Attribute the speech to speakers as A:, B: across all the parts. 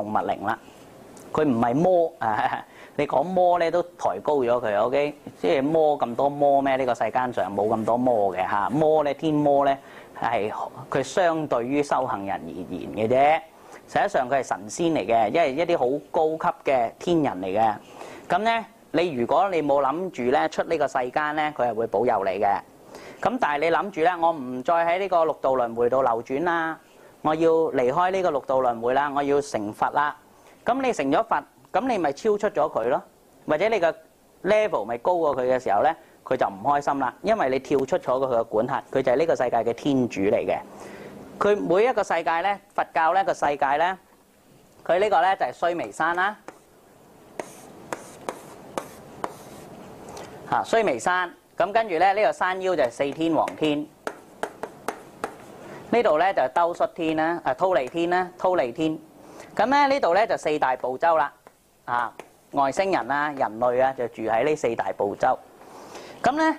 A: 動物靈啦，佢唔係魔，你講魔咧都抬高咗佢，OK，即係魔，咁多魔咩？呢個世間上冇咁多魔嘅吓，魔咧，天魔咧係佢相對於修行人而言嘅啫，實際上佢係神仙嚟嘅，因為一啲好高級嘅天人嚟嘅。咁咧，你如果你冇諗住咧出呢個世間咧，佢係會保佑你嘅。咁但係你諗住咧，我唔再喺呢個六道輪迴度流轉啦。我要離開呢個六道輪迴啦，我要成佛啦。咁你成咗佛，咁你咪超出咗佢咯，或者你個 level 咪高過佢嘅時候咧，佢就唔開心啦。因為你跳出咗佢嘅管轄，佢就係呢個世界嘅天主嚟嘅。佢每一個世界咧，佛教呢個世界咧，佢呢個咧就係須彌山啦。嚇，須彌山。咁跟住咧，呢個山腰就係四天王天。呢度咧就兜率天啦，啊，忉利天啦，忉利天。咁咧呢度咧就四大部洲啦，啊，外星人啦，人類啊就住喺呢四大部洲。咁咧，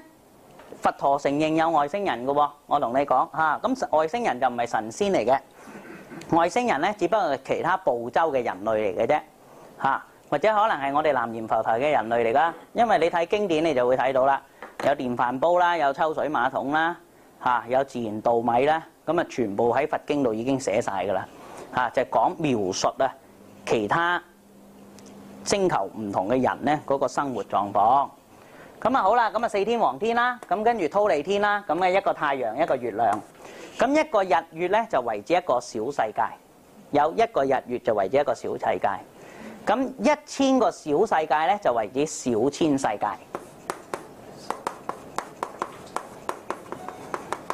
A: 佛陀承認有外星人嘅喎，我同你講嚇，咁外星人就唔係神仙嚟嘅，外星人咧只不過係其他部洲嘅人類嚟嘅啫，嚇，或者可能係我哋南閻浮提嘅人類嚟㗎。因為你睇經典你就會睇到啦，有電飯煲啦，有抽水馬桶啦。嚇、啊、有自然稻米啦，咁啊全部喺佛經度已經寫晒噶啦，嚇、啊、就係、是、講描述啊其他星球唔同嘅人咧嗰、那個生活狀況。咁啊好啦，咁啊四天王天啦，咁跟住忉利天啦，咁嘅一個太陽一個月亮，咁一個日月咧就為止一個小世界，有一個日月就為止一個小世界，咁一千個小世界咧就為止小千世界。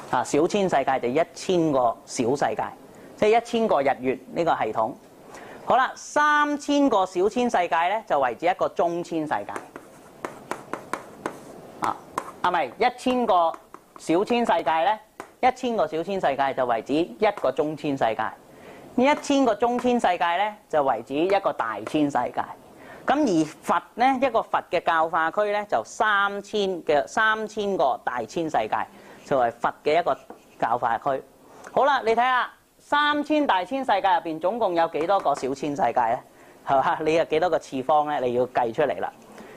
A: 啊，小千世界就一千個小世界，即係一千個日月呢個系統。好啦，三千個小千世界咧，就為止一個中千世界。啊，係咪一千個小千世界咧？一千個小千世界就為止一個中千世界。呢一千個中千世界咧，就為止一個大千世界。咁而佛咧，一個佛嘅教化區咧，就三千嘅三千個大千世界。作為佛嘅一個教化區，好啦，你睇下三千大千世界入邊總共有幾多個小千世界咧？係嘛？你有幾多個次方咧？你要計出嚟啦。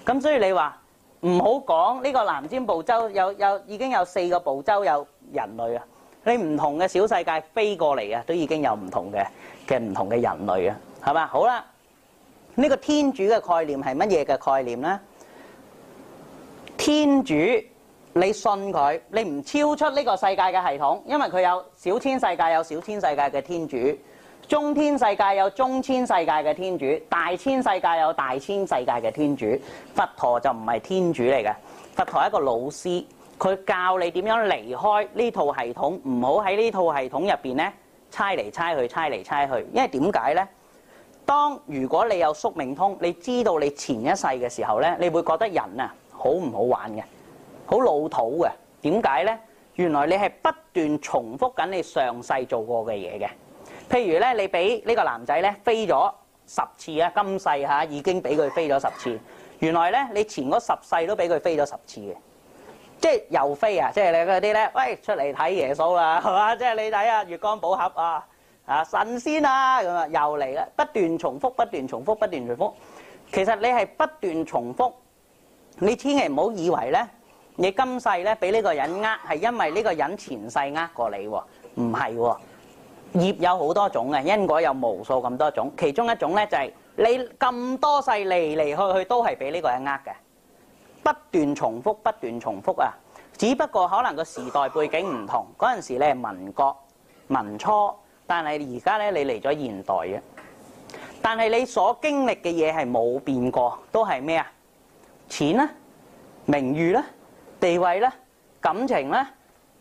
A: 咁所以你話唔好講呢個南瞻部洲有，有已經有四個部洲有人類啊。你唔同嘅小世界飛過嚟啊，都已經有唔同嘅嘅唔同嘅人類啊，係嘛？好啦，呢個天主嘅概念係乜嘢嘅概念咧？天主。你信佢，你唔超出呢個世界嘅系統，因為佢有小千世界，有小千世界嘅天主；中天世界有中千世界嘅天主；大千世界有大千世界嘅天主。佛陀就唔係天主嚟嘅，佛陀係一個老師，佢教你點樣離開呢套系統，唔好喺呢套系統入邊咧猜嚟猜去，猜嚟猜去。因為點解咧？當如果你有宿命通，你知道你前一世嘅時候咧，你會覺得人啊好唔好玩嘅。好老土嘅，點解呢？原來你係不斷重複緊你上世做過嘅嘢嘅。譬如呢，你俾呢個男仔呢飛咗十次啊，今世吓已經俾佢飛咗十次。原來呢，你前嗰十世都俾佢飛咗十次嘅，即係又飛啊！即係你嗰啲呢。喂，出嚟睇耶穌呀，係嘛？即係你睇呀、啊，《月光寶盒》啊，啊神仙啊，咁啊，又嚟啦！不斷重複，不斷重複，不斷重複。其實你係不斷重複，你千祈唔好以為呢。你今世咧俾呢個人呃，係因為呢個人前世呃過你喎，唔係喎。業有好多種嘅，因果有無數咁多種。其中一種咧就係你咁多世嚟嚟去去都係俾呢個人呃嘅，不斷重複，不斷重複啊！只不過可能個時代背景唔同嗰陣時，你係民國民初，但係而家咧你嚟咗現代嘅，但係你所經歷嘅嘢係冇變過，都係咩啊？錢啊，名譽咧。地位咧、感情咧、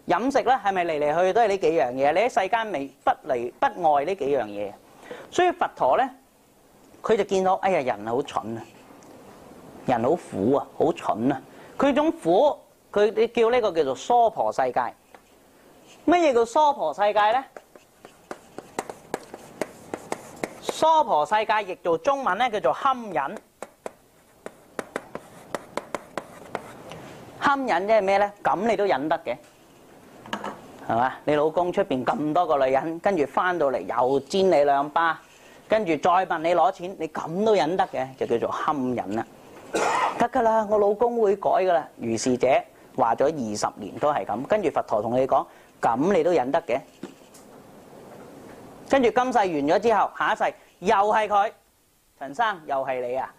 A: 飲食咧，係咪嚟嚟去去都係呢幾樣嘢？你喺世間未不離不愛呢幾樣嘢，所以佛陀咧，佢就見到，哎呀，人好蠢啊，人好苦啊，好蠢啊！佢種苦，佢叫呢個叫做娑婆世界。乜嘢叫娑婆世界咧？娑婆世界譯做中文咧，叫做堪忍。堪忍即係咩呢？咁你都忍得嘅，係嘛？你老公出邊咁多個女人，跟住翻到嚟又煎你兩巴，跟住再問你攞錢，你咁都忍得嘅，就叫做堪忍啦。得噶啦，我老公會改噶啦。如是者話咗二十年都係咁，跟住佛陀同你講，咁你都忍得嘅。跟住今世完咗之後，下一世又係佢，陳生又係你啊，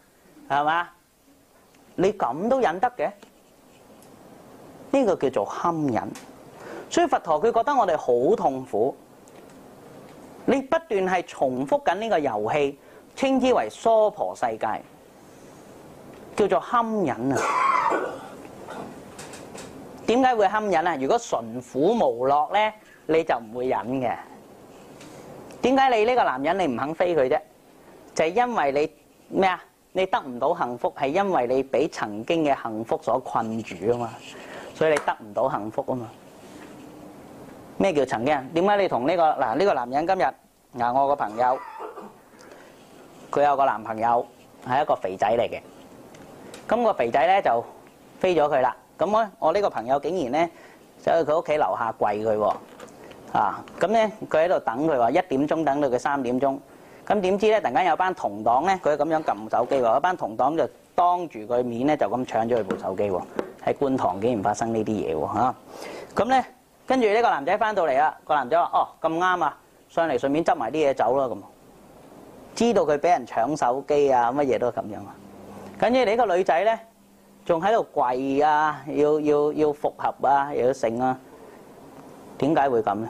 A: 係嘛？你咁都忍得嘅？呢、這個叫做堪忍，所以佛陀佢覺得我哋好痛苦。你不斷係重複緊呢個遊戲，稱之為娑婆世界，叫做堪忍啊。點解會堪忍啊？如果純苦無樂呢，你就唔會忍嘅。點解你呢個男人你唔肯飛佢啫？就係、是、因為你咩啊？你得唔到幸福係因為你俾曾經嘅幸福所困住啊嘛。所以你得唔到幸福啊嘛？咩叫曾經？點解你同呢個嗱呢個男人今日，嗱我個朋友，佢有個男朋友係一個肥仔嚟嘅。咁個肥仔咧就飛咗佢啦。咁我我呢個朋友竟然咧走去佢屋企樓下跪佢喎。啊咁咧佢喺度等佢，話一點鐘等到佢三點鐘。咁點知咧突然間有班同黨咧佢咁樣撳手機喎，一班同黨就當住佢面咧就咁搶咗佢部手機喎。喺觀塘竟然發生呢啲嘢喎嚇！咁咧跟住呢個男仔翻到嚟啦，個男仔話：哦咁啱啊，上嚟順便執埋啲嘢走啦咁。知道佢俾人搶手機啊，乜嘢都咁樣啊。跟住你呢個女仔咧，仲喺度跪啊，要要要復合啊，又要性啊。點解會咁咧？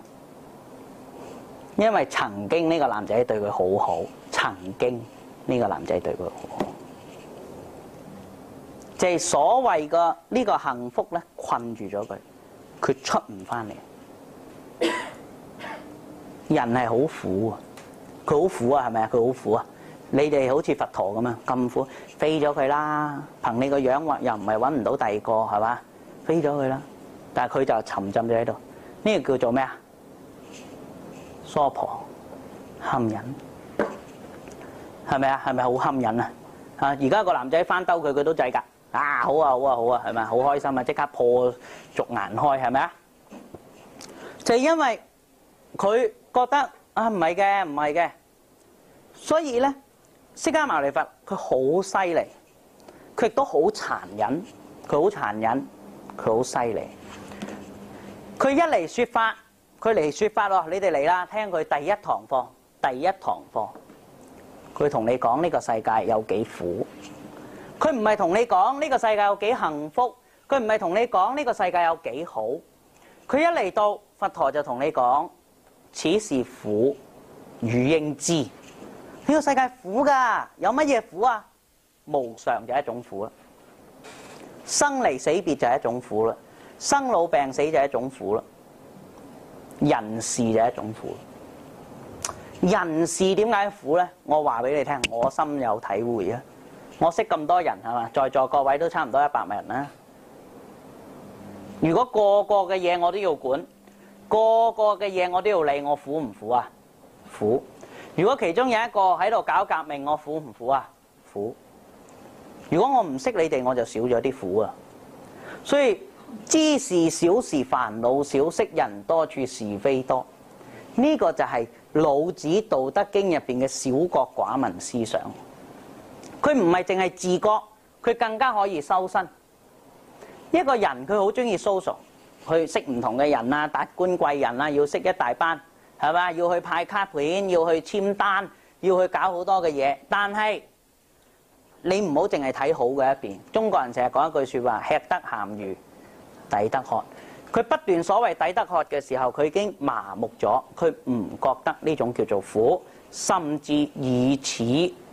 A: 因為曾經呢個男仔對佢好好，曾經呢個男仔對佢好好。就係所謂個呢個幸福咧，困住咗佢，佢出唔翻嚟。人係好苦啊，佢好苦啊，係咪啊？佢好苦啊！你哋好似佛陀咁啊，咁苦飛咗佢啦。憑你個樣，或又唔係搵唔到第二個係嘛？飛咗佢啦，但係佢就沉浸咗喺度。呢個叫做咩啊？娑婆，堪忍係咪啊？係咪好堪忍啊？啊！而家個男仔翻兜佢，佢都制㗎。啊！好啊，好啊，好啊，係咪啊？好開心啊！即刻破逐顏開，係咪、就是、啊？就因為佢覺得啊，唔係嘅，唔係嘅，所以咧，釋迦牟尼佛佢好犀利，佢亦都好殘忍，佢好殘忍，佢好犀利。佢一嚟説法，佢嚟説法咯，你哋嚟啦，聽佢第一堂課，第一堂課，佢同你講呢個世界有幾苦。佢唔係同你講呢個世界有幾幸福，佢唔係同你講呢個世界有幾好。佢一嚟到佛陀，就同你講：此是苦，汝應知。呢、呢個世界苦㗎，有乜嘢苦啊？無常就係一種苦啦，生離死別就係一種苦啦，生老病死就係一種苦啦，人事就係一種苦。人事點解苦，苦呢？我話俾你聽，我心有體會啊！我識咁多人係嘛，在座各位都差唔多一百萬人啦。如果個個嘅嘢我都要管，個個嘅嘢我都要理，我苦唔苦啊？苦。如果其中有一個喺度搞革命，我苦唔苦啊？苦。如果我唔識你哋，我就少咗啲苦啊。所以知事少時煩惱少，識人多處是非多。呢個就係《老子道德經》入邊嘅小國寡民思想。佢唔係淨係自覺，佢更加可以修身。一個人佢好中意 social，去識唔同嘅人啊，達官貴人啊，要識一大班係嘛，要去派卡片，要去簽單，要去搞好多嘅嘢。但係你唔好淨係睇好嘅一邊。中國人成日講一句説話：吃得鹹魚抵得渴。佢不斷所謂抵得渴嘅時候，佢已經麻木咗，佢唔覺得呢種叫做苦，甚至以此。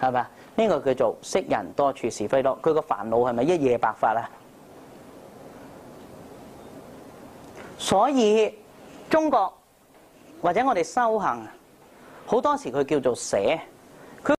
A: 係咪呢個叫做識人多，處是非多。佢個煩惱係咪一夜白髮啊？所以中國或者我哋修行好多時，佢叫做捨。